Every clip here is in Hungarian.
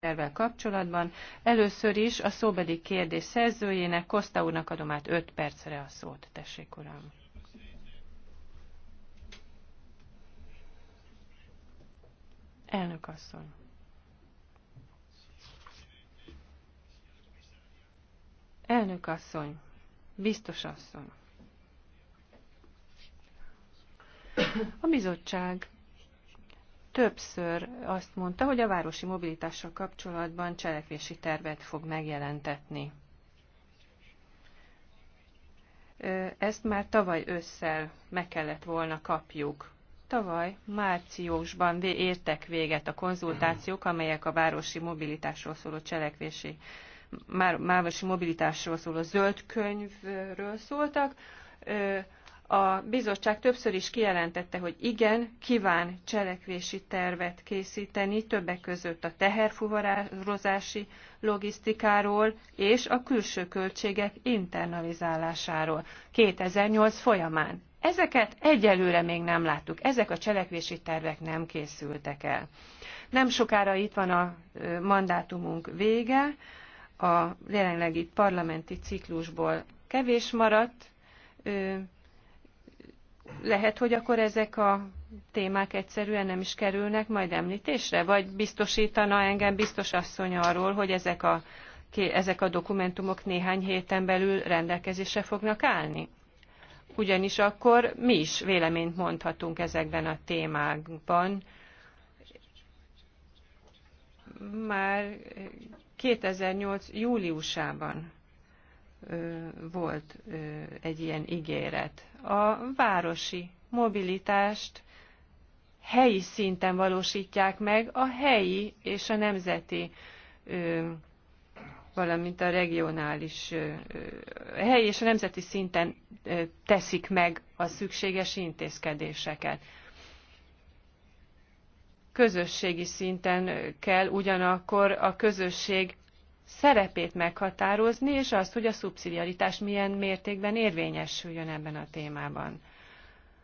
tervel kapcsolatban. Először is a szóbeli kérdés szerzőjének, Koszta úrnak adom át 5 percre a szót. Tessék, uram! Elnök asszony! Elnök asszony! Biztos asszony! A bizottság többször azt mondta, hogy a városi mobilitással kapcsolatban cselekvési tervet fog megjelentetni. Ezt már tavaly ősszel meg kellett volna kapjuk. Tavaly márciusban értek véget a konzultációk, amelyek a városi mobilitásról szóló cselekvési, városi mobilitásról szóló zöld könyvről szóltak a bizottság többször is kijelentette, hogy igen, kíván cselekvési tervet készíteni, többek között a teherfuvarozási logisztikáról és a külső költségek internalizálásáról 2008 folyamán. Ezeket egyelőre még nem láttuk, ezek a cselekvési tervek nem készültek el. Nem sokára itt van a mandátumunk vége, a jelenlegi parlamenti ciklusból kevés maradt, lehet, hogy akkor ezek a témák egyszerűen nem is kerülnek majd említésre? Vagy biztosítana engem biztos asszony arról, hogy ezek a, ezek a dokumentumok néhány héten belül rendelkezésre fognak állni? Ugyanis akkor mi is véleményt mondhatunk ezekben a témákban. Már 2008. júliusában volt egy ilyen ígéret. A városi mobilitást helyi szinten valósítják meg a helyi és a nemzeti, valamint a regionális, a helyi és a nemzeti szinten teszik meg a szükséges intézkedéseket. Közösségi szinten kell ugyanakkor a közösség szerepét meghatározni, és azt, hogy a szubszidiaritás milyen mértékben érvényesüljön ebben a témában.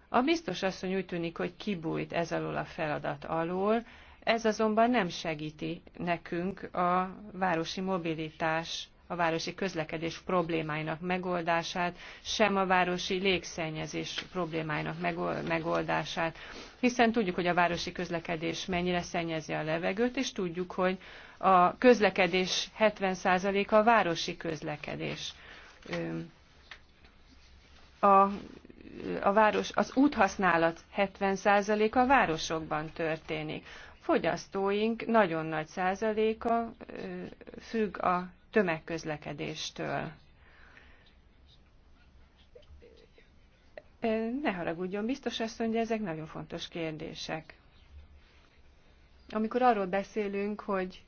A biztos asszony úgy tűnik, hogy kibújt ez alól a feladat alól, ez azonban nem segíti nekünk a városi mobilitás a városi közlekedés problémáinak megoldását, sem a városi légszennyezés problémáinak megoldását, hiszen tudjuk, hogy a városi közlekedés mennyire szennyezi a levegőt, és tudjuk, hogy a közlekedés 70%-a a városi közlekedés. A a város, az úthasználat 70%-a a városokban történik. Fogyasztóink nagyon nagy százaléka függ a tömegközlekedéstől. Ne haragudjon, biztos azt mondja, ezek nagyon fontos kérdések. Amikor arról beszélünk, hogy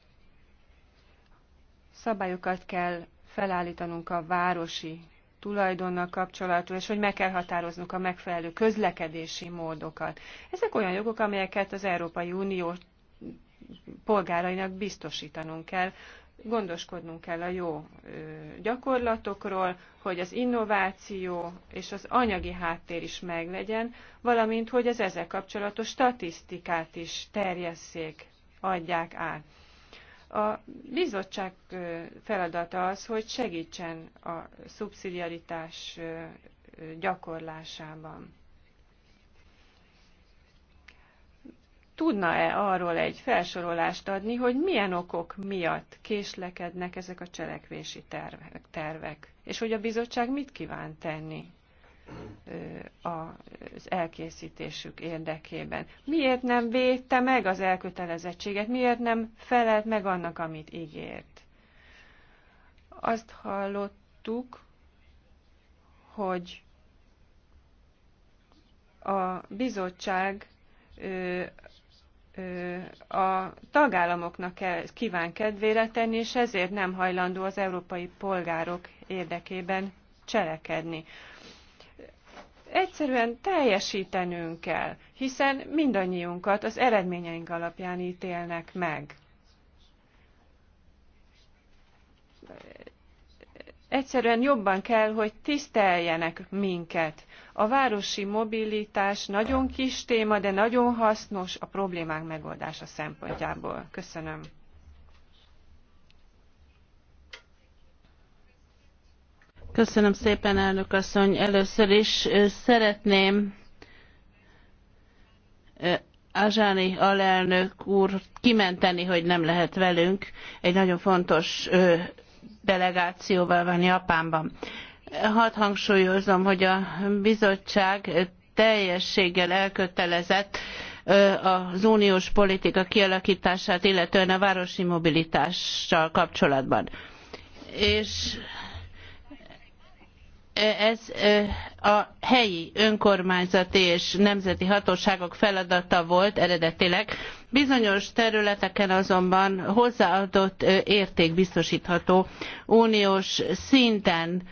szabályokat kell felállítanunk a városi tulajdonnal kapcsolatban, és hogy meg kell határoznunk a megfelelő közlekedési módokat. Ezek olyan jogok, amelyeket az Európai Unió polgárainak biztosítanunk kell, gondoskodnunk kell a jó gyakorlatokról, hogy az innováció és az anyagi háttér is meglegyen, valamint hogy az ezzel kapcsolatos statisztikát is terjesszék, adják át. A bizottság feladata az, hogy segítsen a szubszidiaritás gyakorlásában. tudna-e arról egy felsorolást adni, hogy milyen okok miatt késlekednek ezek a cselekvési tervek, tervek és hogy a bizottság mit kíván tenni az elkészítésük érdekében. Miért nem védte meg az elkötelezettséget, miért nem felelt meg annak, amit ígért? Azt hallottuk, hogy a bizottság a tagállamoknak kell, kíván kedvére tenni, és ezért nem hajlandó az európai polgárok érdekében cselekedni. Egyszerűen teljesítenünk kell, hiszen mindannyiunkat az eredményeink alapján ítélnek meg egyszerűen jobban kell, hogy tiszteljenek minket. A városi mobilitás nagyon kis téma, de nagyon hasznos a problémák megoldása szempontjából. Köszönöm. Köszönöm szépen, elnök asszony. Először is szeretném Azsáni alelnök úr kimenteni, hogy nem lehet velünk. Egy nagyon fontos delegációval van Japánban. Hadd hangsúlyozom, hogy a bizottság teljességgel elkötelezett az uniós politika kialakítását, illetően a városi mobilitással kapcsolatban. És ez a helyi önkormányzati és nemzeti hatóságok feladata volt eredetileg. Bizonyos területeken azonban hozzáadott érték biztosítható uniós szinten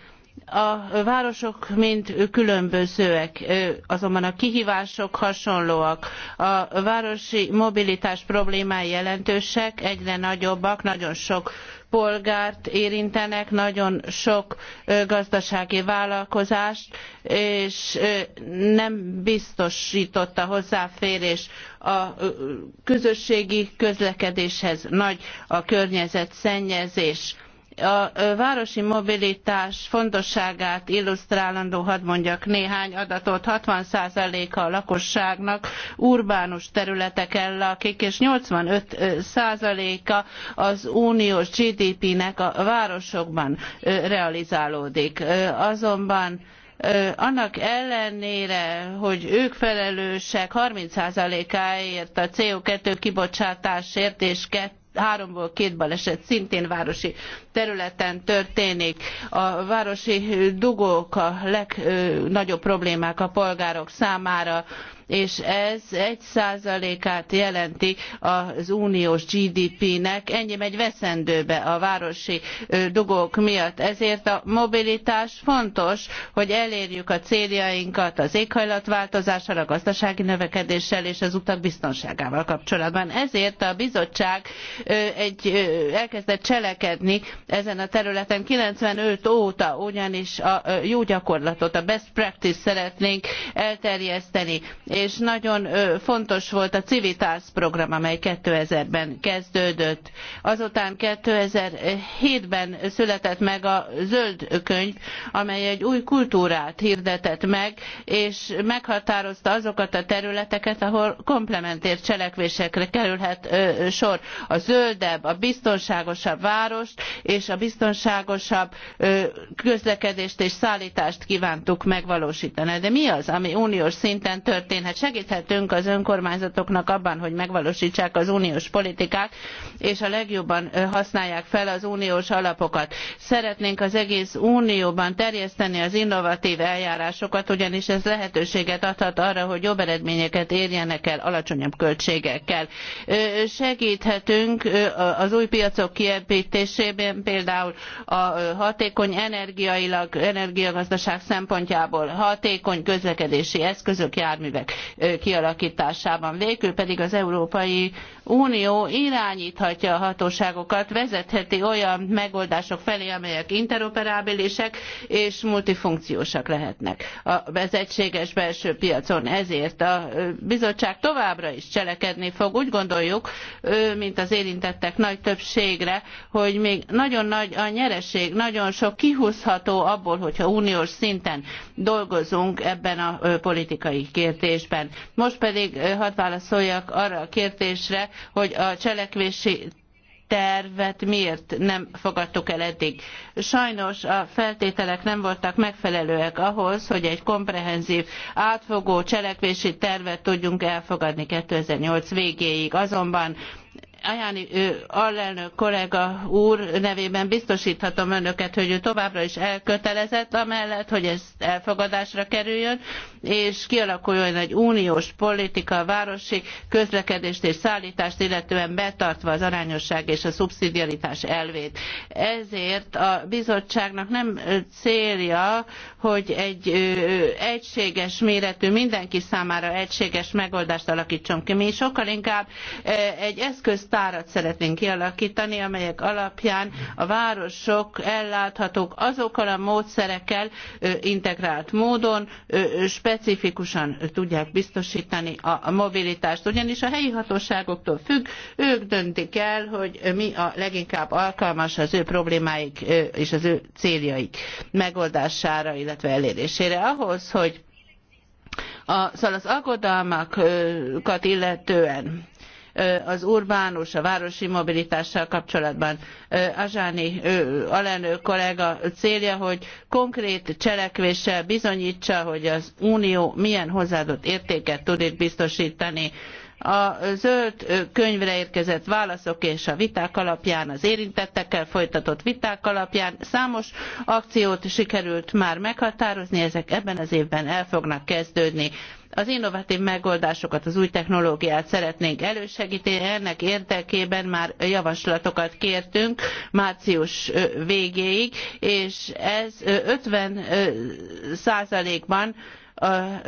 a városok mind különbözőek, azonban a kihívások hasonlóak. A városi mobilitás problémái jelentősek, egyre nagyobbak, nagyon sok polgárt érintenek, nagyon sok gazdasági vállalkozást, és nem biztosította hozzáférés a közösségi közlekedéshez nagy a környezetszennyezés a városi mobilitás fontosságát illusztrálandó hadd mondjak néhány adatot. 60%-a a lakosságnak urbánus területeken lakik, és 85%-a az uniós GDP-nek a városokban realizálódik. Azonban annak ellenére, hogy ők felelősek 30%-áért a CO2 kibocsátásért és háromból két baleset szintén városi területen történik. A városi dugók a legnagyobb problémák a polgárok számára és ez egy százalékát jelenti az uniós GDP-nek. Ennyi megy veszendőbe a városi dugók miatt. Ezért a mobilitás fontos, hogy elérjük a céljainkat az éghajlatváltozással, a gazdasági növekedéssel és az utak biztonságával kapcsolatban. Ezért a bizottság egy, elkezdett cselekedni ezen a területen 95 óta, ugyanis a jó gyakorlatot, a best practice szeretnénk elterjeszteni és nagyon fontos volt a Civitas program, amely 2000-ben kezdődött. Azután 2007-ben született meg a zöld könyv, amely egy új kultúrát hirdetett meg, és meghatározta azokat a területeket, ahol komplementér cselekvésekre kerülhet sor. A zöldebb, a biztonságosabb várost és a biztonságosabb közlekedést és szállítást kívántuk megvalósítani. De mi az, ami uniós szinten történt? területén. Hát segíthetünk az önkormányzatoknak abban, hogy megvalósítsák az uniós politikát, és a legjobban használják fel az uniós alapokat. Szeretnénk az egész unióban terjeszteni az innovatív eljárásokat, ugyanis ez lehetőséget adhat arra, hogy jobb eredményeket érjenek el alacsonyabb költségekkel. Segíthetünk az új piacok kiepítésében, például a hatékony energiailag, energiagazdaság szempontjából hatékony közlekedési eszközök, járművek kialakításában. Végül pedig az Európai Unió irányíthatja a hatóságokat, vezetheti olyan megoldások felé, amelyek interoperábilisek és multifunkciósak lehetnek az egységes belső piacon. Ezért a bizottság továbbra is cselekedni fog. Úgy gondoljuk, mint az érintettek nagy többségre, hogy még nagyon nagy a nyereség, nagyon sok kihúzható abból, hogyha uniós szinten dolgozunk ebben a politikai kérdésben kérdésben. Most pedig hadd válaszoljak arra a kérdésre, hogy a cselekvési tervet miért nem fogadtuk el eddig. Sajnos a feltételek nem voltak megfelelőek ahhoz, hogy egy komprehenzív, átfogó cselekvési tervet tudjunk elfogadni 2008 végéig. Azonban Ajáni alelnök kollega úr nevében biztosíthatom önöket, hogy ő továbbra is elkötelezett amellett, hogy ez elfogadásra kerüljön, és kialakuljon egy uniós politika a városi közlekedést és szállítást, illetően betartva az arányosság és a szubszidiaritás elvét. Ezért a bizottságnak nem célja, hogy egy egységes méretű, mindenki számára egységes megoldást alakítson ki. Mi sokkal inkább egy eszközt tárat szeretnénk kialakítani, amelyek alapján a városok elláthatók azokkal a módszerekkel integrált módon specifikusan tudják biztosítani a mobilitást. Ugyanis a helyi hatóságoktól függ, ők döntik el, hogy mi a leginkább alkalmas az ő problémáik és az ő céljaik megoldására, illetve elérésére. Ahhoz, hogy a, szóval az aggodalmakat illetően az urbánus, a városi mobilitással kapcsolatban. Azsáni alelnök kollega célja, hogy konkrét cselekvéssel bizonyítsa, hogy az Unió milyen hozzáadott értéket tud itt biztosítani a zöld könyvre érkezett válaszok és a viták alapján, az érintettekkel folytatott viták alapján számos akciót sikerült már meghatározni, ezek ebben az évben el fognak kezdődni az innovatív megoldásokat, az új technológiát szeretnénk elősegíteni, ennek érdekében már javaslatokat kértünk március végéig, és ez 50 százalékban a,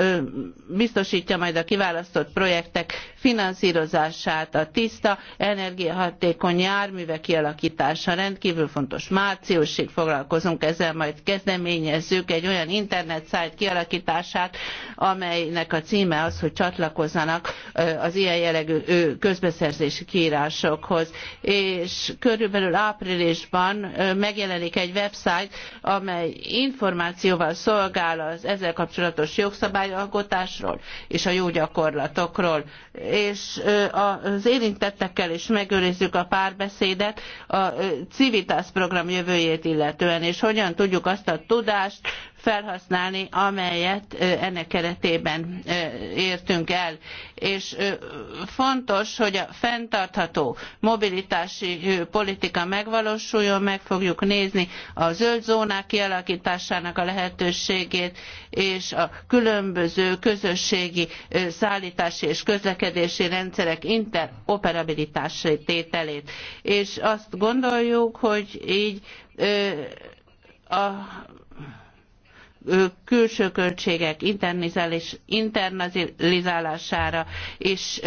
biztosítja majd a kiválasztott projektek finanszírozását. A tiszta, energiahatékony járművek kialakítása rendkívül fontos. Márciusig foglalkozunk ezzel, majd kezdeményezzük egy olyan internetszájt kialakítását, amelynek a címe az, hogy csatlakozzanak az ilyen jellegű közbeszerzési kiírásokhoz. És körülbelül áprilisban megjelenik egy website, amely információval szolgál az ezzel kapcsolatos jogszabályalkotásról és a jó gyakorlatokról. És az érintettekkel is megőrizzük a párbeszédet a Civitas program jövőjét illetően, és hogyan tudjuk azt a tudást, felhasználni, amelyet ennek keretében értünk el. És fontos, hogy a fenntartható mobilitási politika megvalósuljon, meg fogjuk nézni a zöld zónák kialakításának a lehetőségét, és a különböző közösségi szállítási és közlekedési rendszerek interoperabilitási tételét. És azt gondoljuk, hogy így a külső költségek internalizálására is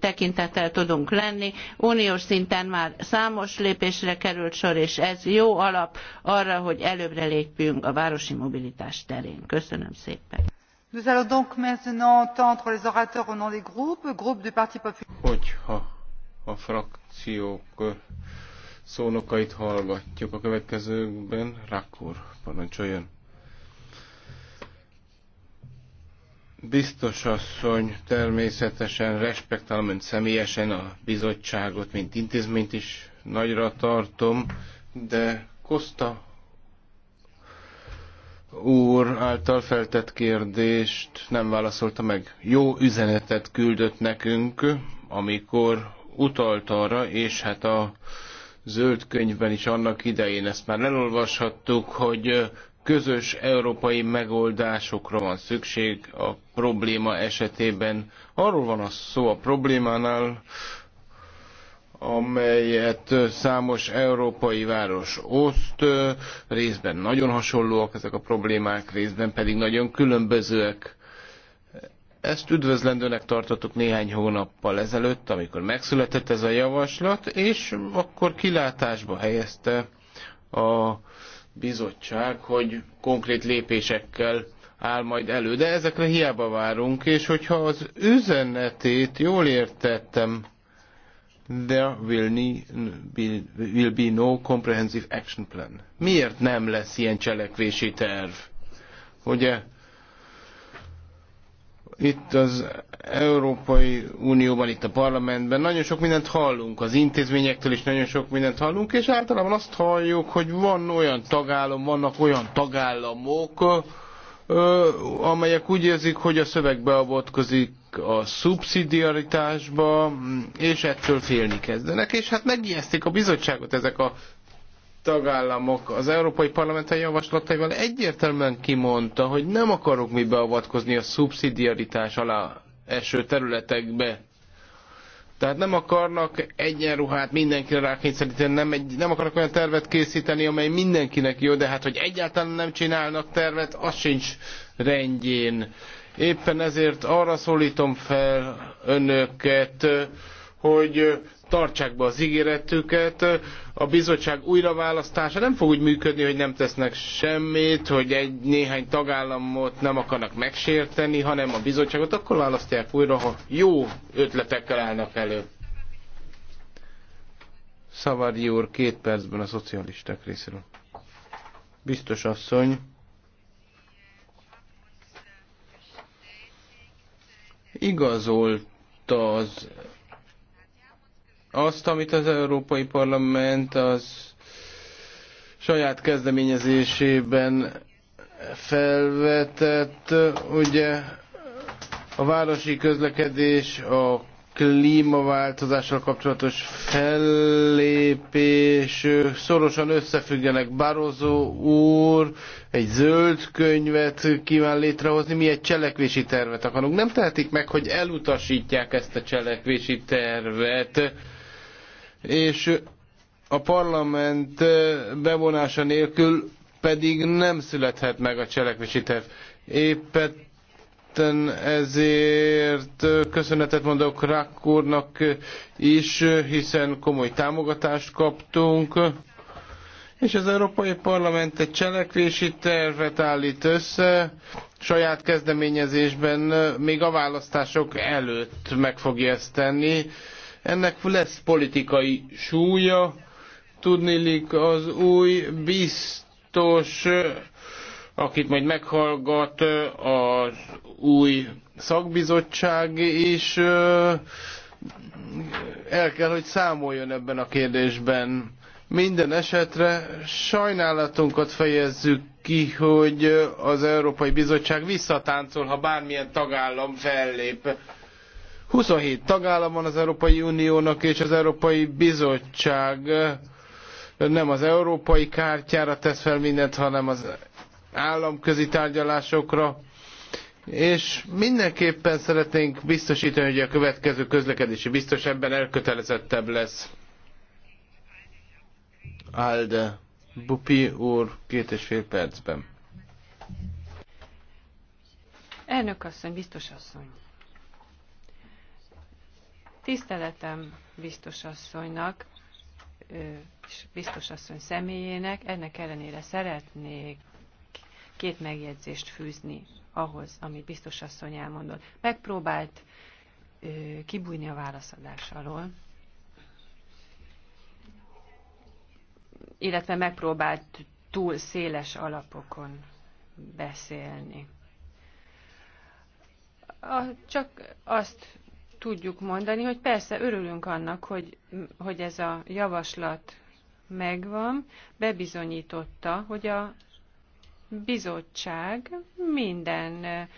tekintettel tudunk lenni. Uniós szinten már számos lépésre került sor, és ez jó alap arra, hogy előbbre lépjünk a városi mobilitás terén. Köszönöm szépen. Nous allons donc maintenant entendre les orateurs au nom des groupes, groupe du Parti populaire. Hogyha a frakciók szónokait hallgatjuk a következőkben, Rakur, parancsoljon. Biztos asszony, természetesen respektálom önt személyesen, a bizottságot, mint intézményt is nagyra tartom, de Kosta úr által feltett kérdést nem válaszolta meg. Jó üzenetet küldött nekünk, amikor utalt arra, és hát a zöld könyvben is annak idején ezt már elolvashattuk, hogy közös európai megoldásokra van szükség a probléma esetében. Arról van a szó a problémánál, amelyet számos európai város oszt, részben nagyon hasonlóak ezek a problémák, részben pedig nagyon különbözőek. Ezt üdvözlendőnek tartottuk néhány hónappal ezelőtt, amikor megszületett ez a javaslat, és akkor kilátásba helyezte a bizottság, hogy konkrét lépésekkel áll majd elő, de ezekre hiába várunk, és hogyha az üzenetét jól értettem, there will, need, will be no comprehensive action plan. Miért nem lesz ilyen cselekvési terv? Ugye itt az Európai Unióban, itt a parlamentben nagyon sok mindent hallunk, az intézményektől is nagyon sok mindent hallunk, és általában azt halljuk, hogy van olyan tagállam, vannak olyan tagállamok, amelyek úgy érzik, hogy a szöveg beavatkozik a szubszidiaritásba, és ettől félni kezdenek, és hát megijesztik a bizottságot ezek a tagállamok az Európai Parlament javaslataival egyértelműen kimondta, hogy nem akarok mi beavatkozni a szubszidiaritás alá eső területekbe. Tehát nem akarnak egyenruhát mindenkire rákényszeríteni, nem, egy, nem akarnak olyan tervet készíteni, amely mindenkinek jó, de hát, hogy egyáltalán nem csinálnak tervet, az sincs rendjén. Éppen ezért arra szólítom fel önöket, hogy tartsák be az ígéretüket. A bizottság újraválasztása nem fog úgy működni, hogy nem tesznek semmit, hogy egy néhány tagállamot nem akarnak megsérteni, hanem a bizottságot akkor választják újra, ha jó ötletekkel állnak elő. Szavardi úr, két percben a szocialisták részéről. Biztos asszony. Igazolt az azt, amit az Európai Parlament az saját kezdeményezésében felvetett, ugye a városi közlekedés, a klímaváltozással kapcsolatos fellépés szorosan összefüggenek. Barozó úr egy zöld könyvet kíván létrehozni, mi egy cselekvési tervet akarunk. Nem tehetik meg, hogy elutasítják ezt a cselekvési tervet és a parlament bevonása nélkül pedig nem születhet meg a cselekvési terv. Éppen ezért köszönetet mondok Rák úrnak is, hiszen komoly támogatást kaptunk, és az Európai Parlament egy cselekvési tervet állít össze, saját kezdeményezésben még a választások előtt meg fogja ezt tenni, ennek lesz politikai súlya, tudnilik az új biztos, akit majd meghallgat az új szakbizottság is, el kell, hogy számoljon ebben a kérdésben. Minden esetre sajnálatunkat fejezzük ki, hogy az Európai Bizottság visszatáncol, ha bármilyen tagállam fellép. 27 tagállam van az Európai Uniónak, és az Európai Bizottság nem az európai kártyára tesz fel mindent, hanem az államközi tárgyalásokra. És mindenképpen szeretnénk biztosítani, hogy a következő közlekedési biztos ebben elkötelezettebb lesz. Alde, Bupi úr, két és fél percben. Elnök asszony, biztos asszony. Tiszteletem biztos asszonynak, és biztos asszony személyének, ennek ellenére szeretnék két megjegyzést fűzni ahhoz, amit biztos asszony elmondott. Megpróbált kibújni a válaszadás alól, illetve megpróbált túl széles alapokon beszélni. A, csak azt tudjuk mondani, hogy persze örülünk annak, hogy, hogy ez a javaslat megvan, bebizonyította, hogy a bizottság minden,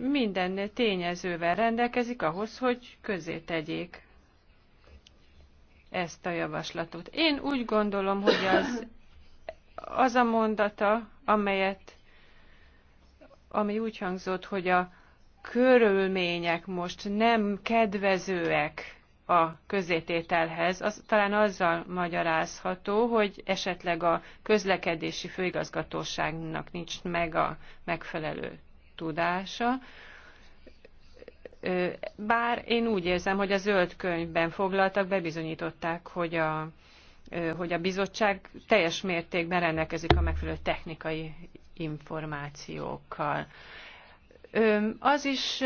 minden tényezővel rendelkezik ahhoz, hogy közé tegyék ezt a javaslatot. Én úgy gondolom, hogy az, az a mondata, amelyet, ami úgy hangzott, hogy a körülmények most nem kedvezőek a közétételhez, az talán azzal magyarázható, hogy esetleg a közlekedési főigazgatóságnak nincs meg a megfelelő tudása. Bár én úgy érzem, hogy a zöld könyvben foglaltak, bebizonyították, hogy a, hogy a bizottság teljes mértékben rendelkezik a megfelelő technikai információkkal az is,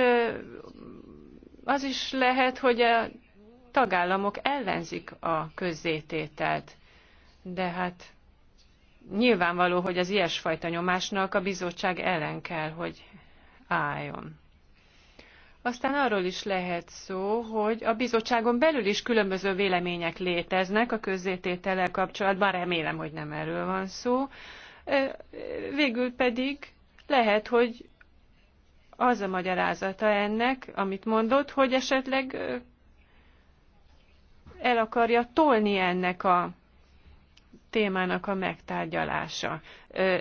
az is lehet, hogy a tagállamok ellenzik a közzétételt. De hát nyilvánvaló, hogy az ilyesfajta nyomásnak a bizottság ellen kell, hogy álljon. Aztán arról is lehet szó, hogy a bizottságon belül is különböző vélemények léteznek a közzététellel kapcsolatban, remélem, hogy nem erről van szó. Végül pedig lehet, hogy az a magyarázata ennek, amit mondott, hogy esetleg el akarja tolni ennek a témának a megtárgyalása.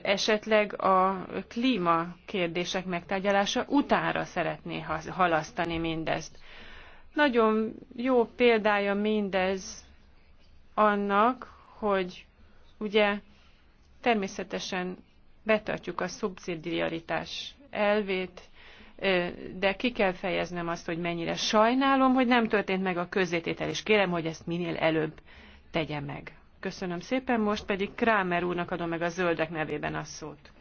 Esetleg a klíma kérdések megtárgyalása utára szeretné halasztani mindezt. Nagyon jó példája mindez annak, hogy ugye természetesen betartjuk a szubszidiaritás elvét, de ki kell fejeznem azt, hogy mennyire sajnálom, hogy nem történt meg a közzététel, és kérem, hogy ezt minél előbb tegye meg. Köszönöm szépen, most pedig Krámer úrnak adom meg a zöldek nevében a szót.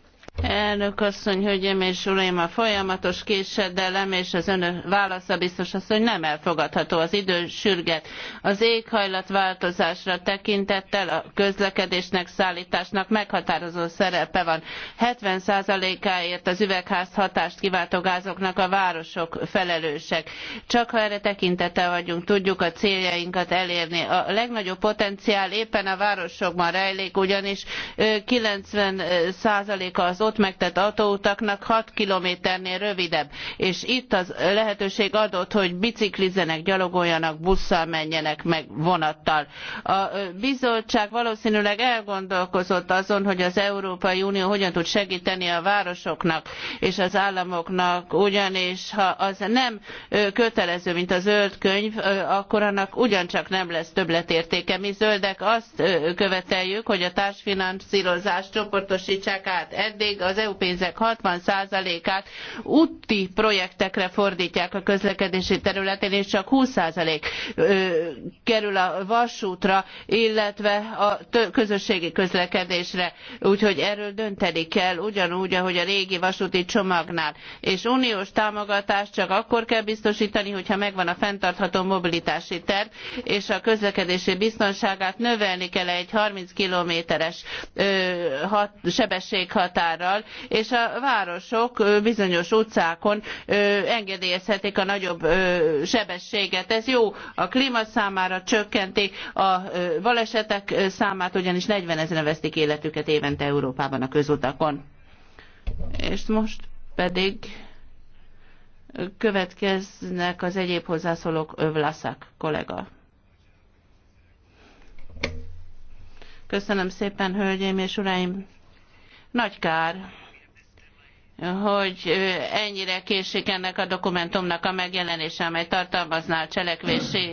Elnök asszony, hölgyeim és uraim, a folyamatos késedelem és az önök válasza biztos az, hogy nem elfogadható az idő sürget. Az éghajlatváltozásra tekintettel a közlekedésnek, szállításnak meghatározó szerepe van. 70%-áért az üvegház hatást kiváltó gázoknak a városok felelősek. Csak ha erre tekintettel vagyunk, tudjuk a céljainkat elérni. A legnagyobb potenciál éppen a városokban rejlik, ugyanis 90%-a az adót megtett autóutaknak hat kilométernél rövidebb, és itt az lehetőség adott, hogy biciklizzenek, gyalogoljanak, busszal menjenek, meg vonattal. A bizottság valószínűleg elgondolkozott azon, hogy az Európai Unió hogyan tud segíteni a városoknak és az államoknak, ugyanis ha az nem kötelező, mint a zöld könyv, akkor annak ugyancsak nem lesz többletértéke. Mi zöldek azt követeljük, hogy a társfinanszírozást csoportosítsák át. Eddig pedig az EU pénzek 60%-át úti projektekre fordítják a közlekedési területén, és csak 20% kerül a vasútra, illetve a közösségi közlekedésre. Úgyhogy erről dönteni kell, ugyanúgy, ahogy a régi vasúti csomagnál. És uniós támogatást csak akkor kell biztosítani, hogyha megvan a fenntartható mobilitási terv, és a közlekedési biztonságát növelni kell egy 30 kilométeres sebességhatárra árral, és a városok bizonyos utcákon engedélyezhetik a nagyobb sebességet. Ez jó a klíma számára, csökkenti a balesetek számát, ugyanis 40 ezeren vesztik életüket évente Európában a közutakon. És most pedig következnek az egyéb hozzászólók, Vlaszak kollega. Köszönöm szépen, hölgyeim és uraim! Nagy kár, hogy ennyire késik ennek a dokumentumnak a megjelenése, amely tartalmazná a cselekvési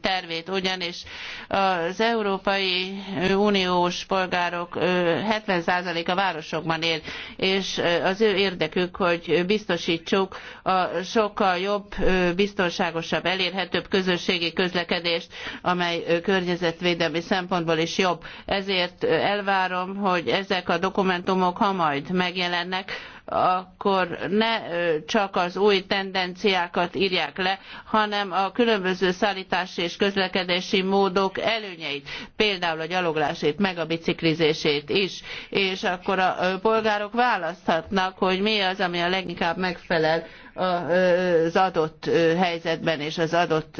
tervét, ugyanis az Európai Uniós polgárok 70%-a városokban él, és az ő érdekük, hogy biztosítsuk a sokkal jobb, biztonságosabb, elérhetőbb közösségi közlekedést, amely környezetvédelmi szempontból is jobb. Ezért elvárom, hogy ezek a dokumentumok ha majd megjelennek, akkor ne csak az új tendenciákat írják le, hanem a különböző szállítási és közlekedési módok előnyeit, például a gyaloglásét, meg a biciklizését is, és akkor a polgárok választhatnak, hogy mi az, ami a leginkább megfelel az adott helyzetben és az adott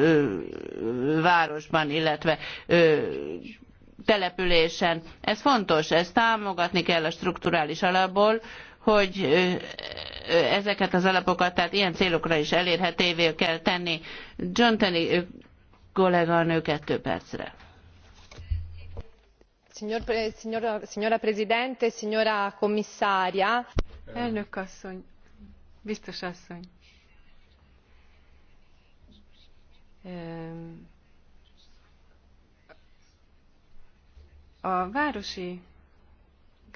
városban, illetve településen. Ez fontos, ezt támogatni kell a strukturális alapból, hogy ezeket az alapokat, tehát ilyen célokra is elérhetővé kell tenni. John Tenny kolléganő kettő percre. Signor, signora, signora Presidente, signora Commissaria. Elnök asszony, biztos asszony. A városi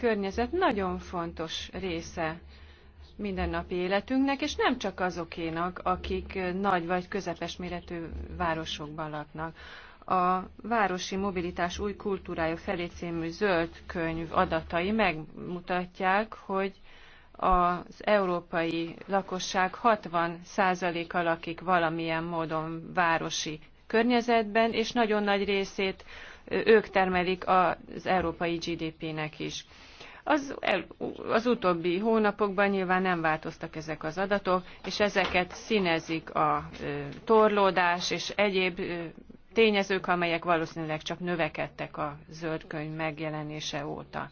környezet nagyon fontos része mindennapi életünknek, és nem csak azokénak, akik nagy vagy közepes méretű városokban laknak. A Városi Mobilitás új kultúrája felé című zöld könyv adatai megmutatják, hogy az európai lakosság 60%-a lakik valamilyen módon városi környezetben, és nagyon nagy részét ők termelik az európai GDP-nek is. Az, el, az utóbbi hónapokban nyilván nem változtak ezek az adatok, és ezeket színezik a ö, torlódás és egyéb ö, tényezők, amelyek valószínűleg csak növekedtek a zöldkönyv megjelenése óta.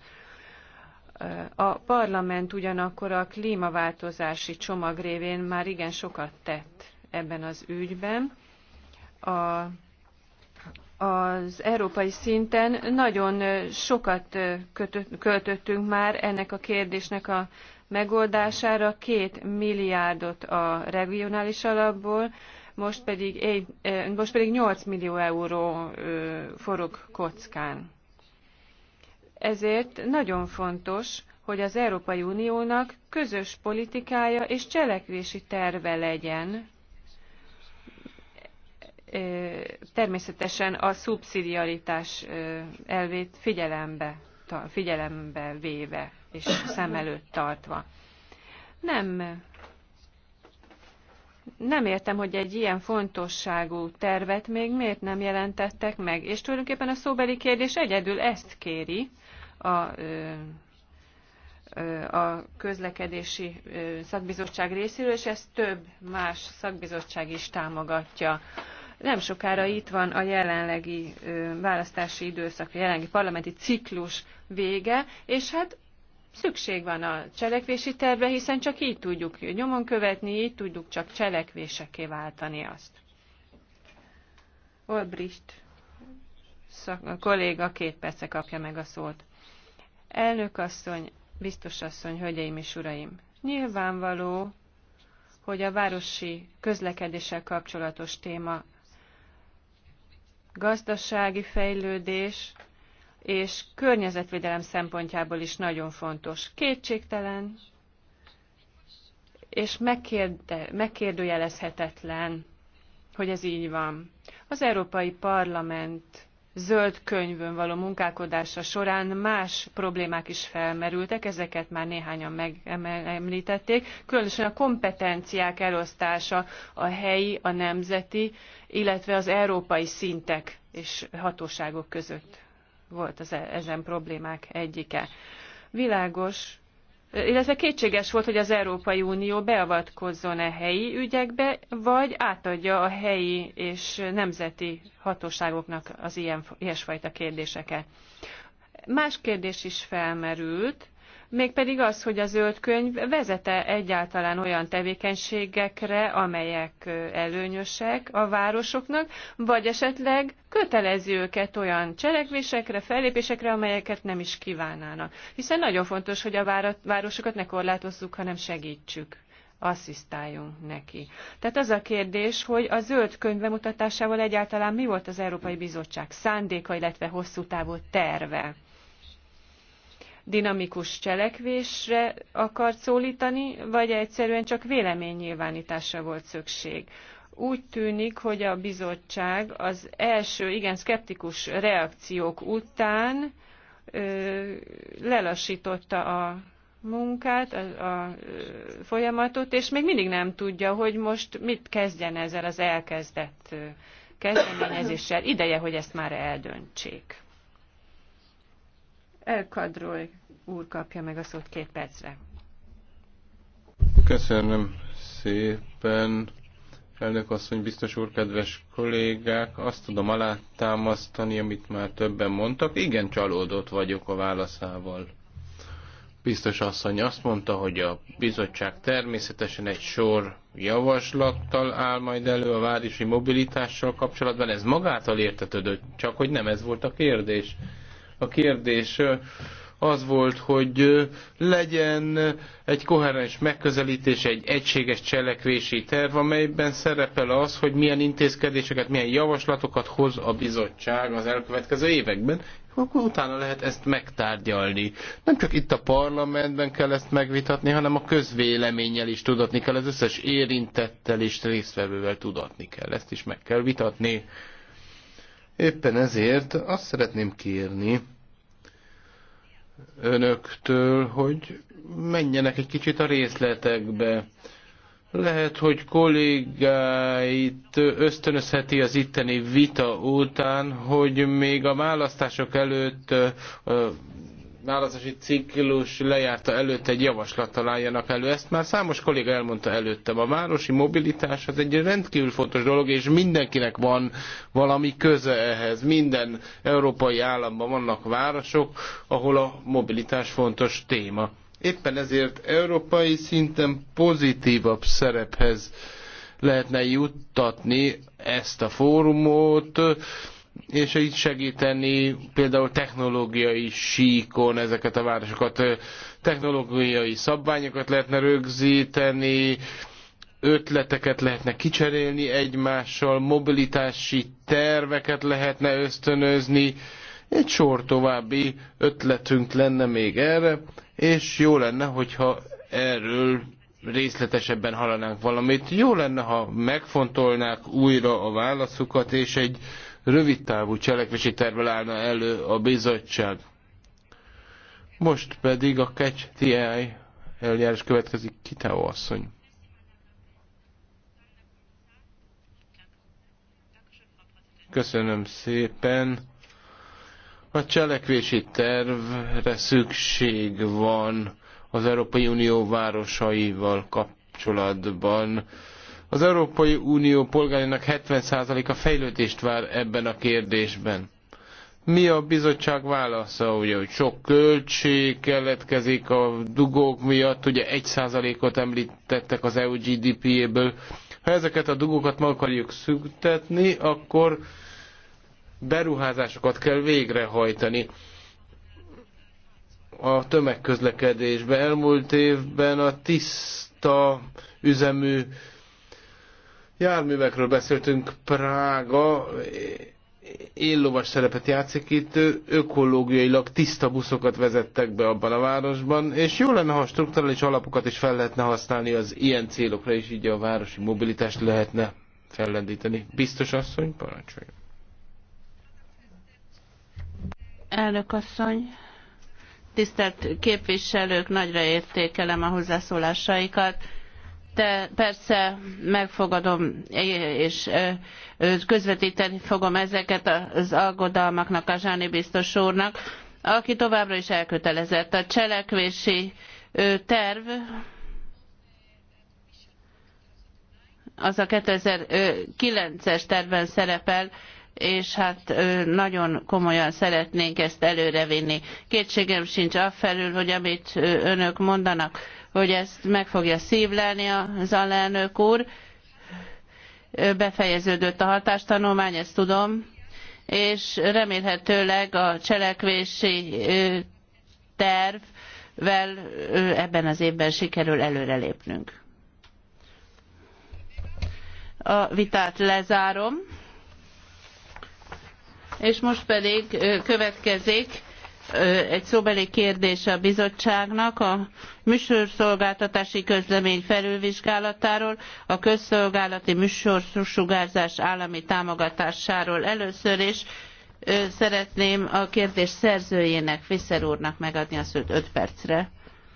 A parlament ugyanakkor a klímaváltozási csomag révén már igen sokat tett ebben az ügyben. A az európai szinten nagyon sokat költöttünk már ennek a kérdésnek a megoldására, két milliárdot a regionális alapból, most pedig, egy, most pedig 8 millió euró forog kockán. Ezért nagyon fontos, hogy az Európai Uniónak közös politikája és cselekvési terve legyen természetesen a szubszidiaritás elvét figyelembe, figyelembe véve és szem előtt tartva. Nem, nem értem, hogy egy ilyen fontosságú tervet még miért nem jelentettek meg, és tulajdonképpen a szóbeli kérdés egyedül ezt kéri a, a közlekedési szakbizottság részéről, és ezt több más szakbizottság is támogatja. Nem sokára itt van a jelenlegi választási időszak, a jelenlegi parlamenti ciklus vége, és hát szükség van a cselekvési terve, hiszen csak így tudjuk nyomon követni, így tudjuk csak cselekvésekké váltani azt. Olbricht szak, a kolléga két perce kapja meg a szót. Elnök asszony, biztos asszony, hölgyeim és uraim, nyilvánvaló, hogy a városi közlekedéssel kapcsolatos téma gazdasági fejlődés és környezetvédelem szempontjából is nagyon fontos. Kétségtelen és megkérde, megkérdőjelezhetetlen, hogy ez így van. Az Európai Parlament zöld könyvön való munkálkodása során más problémák is felmerültek, ezeket már néhányan megemlítették, különösen a kompetenciák elosztása a helyi, a nemzeti, illetve az európai szintek és hatóságok között volt az e-, ezen problémák egyike. Világos, illetve kétséges volt, hogy az Európai Unió beavatkozzon e helyi ügyekbe, vagy átadja a helyi és nemzeti hatóságoknak az ilyen, ilyesfajta kérdéseket. Más kérdés is felmerült, mégpedig az, hogy a zöld könyv vezete egyáltalán olyan tevékenységekre, amelyek előnyösek a városoknak, vagy esetleg kötelezi őket olyan cselekvésekre, fellépésekre, amelyeket nem is kívánnának. Hiszen nagyon fontos, hogy a városokat ne korlátozzuk, hanem segítsük asszisztáljunk neki. Tehát az a kérdés, hogy a zöld könyv bemutatásával egyáltalán mi volt az Európai Bizottság szándéka, illetve hosszú távú terve dinamikus cselekvésre akart szólítani, vagy egyszerűen csak véleménynyilvánításra volt szükség. Úgy tűnik, hogy a bizottság az első igen szkeptikus reakciók után ö, lelassította a munkát, a, a folyamatot, és még mindig nem tudja, hogy most mit kezdjen ezzel az elkezdett kezdeményezéssel. Ideje, hogy ezt már eldöntsék. Elkadról úr kapja meg a szót két percre. Köszönöm szépen. Elnök asszony, biztos úr, kedves kollégák, azt tudom alátámasztani, amit már többen mondtak. Igen, csalódott vagyok a válaszával. Biztos asszony azt mondta, hogy a bizottság természetesen egy sor javaslattal áll majd elő a városi mobilitással kapcsolatban. Ez magától értetődött, csak hogy nem ez volt a kérdés. A kérdés az volt, hogy legyen egy koherens megközelítés, egy egységes cselekvési terv, amelyben szerepel az, hogy milyen intézkedéseket, milyen javaslatokat hoz a bizottság az elkövetkező években, akkor utána lehet ezt megtárgyalni. Nem csak itt a parlamentben kell ezt megvitatni, hanem a közvéleménnyel is tudatni kell, az összes érintettel és résztvevővel tudatni kell, ezt is meg kell vitatni. Éppen ezért azt szeretném kérni önöktől, hogy menjenek egy kicsit a részletekbe. Lehet, hogy kollégáit ösztönözheti az itteni vita után, hogy még a választások előtt választási ciklus lejárta előtt egy javaslat találjanak elő. Ezt már számos kolléga elmondta előttem. A városi mobilitás az egy rendkívül fontos dolog, és mindenkinek van valami köze ehhez. Minden európai államban vannak városok, ahol a mobilitás fontos téma. Éppen ezért európai szinten pozitívabb szerephez lehetne juttatni ezt a fórumot, és így segíteni például technológiai síkon ezeket a városokat. Technológiai szabványokat lehetne rögzíteni, ötleteket lehetne kicserélni egymással, mobilitási terveket lehetne ösztönözni, egy sor további ötletünk lenne még erre, és jó lenne, hogyha erről részletesebben hallanánk valamit. Jó lenne, ha megfontolnák újra a válaszukat, és egy rövid távú cselekvési tervvel állna elő a bizottság. Most pedig a Catch TI eljárás következik Kitao asszony. Köszönöm szépen. A cselekvési tervre szükség van az Európai Unió városaival kapcsolatban. Az Európai Unió polgárainak 70%-a fejlődést vár ebben a kérdésben. Mi a bizottság válasza, ugye, hogy sok költség keletkezik a dugók miatt, ugye 1%-ot említettek az EU GDP-ből. Ha ezeket a dugókat meg akarjuk szüntetni, akkor beruházásokat kell végrehajtani a tömegközlekedésbe. Elmúlt évben a tiszta üzemű járművekről beszéltünk, Prága éllovas szerepet játszik itt, ökológiailag tiszta buszokat vezettek be abban a városban, és jó lenne, ha a strukturális alapokat is fel lehetne használni az ilyen célokra, és így a városi mobilitást lehetne fellendíteni. Biztos asszony, parancsoljon. Elnök asszony, tisztelt képviselők, nagyra értékelem a hozzászólásaikat de persze megfogadom és közvetíteni fogom ezeket az aggodalmaknak a Zsáni biztos úrnak, aki továbbra is elkötelezett. A cselekvési terv az a 2009-es tervben szerepel, és hát nagyon komolyan szeretnénk ezt előrevinni. Kétségem sincs afelől, hogy amit önök mondanak, hogy ezt meg fogja szívlelni az alelnök úr. Befejeződött a hatástanulmány, ezt tudom, és remélhetőleg a cselekvési tervvel ebben az évben sikerül előrelépnünk. A vitát lezárom, és most pedig következik egy szóbeli kérdés a bizottságnak a műsorszolgáltatási közlemény felülvizsgálatáról, a közszolgálati műsorsugárzás állami támogatásáról. Először is szeretném a kérdés szerzőjének, Fiszer úrnak megadni a szót 5 percre.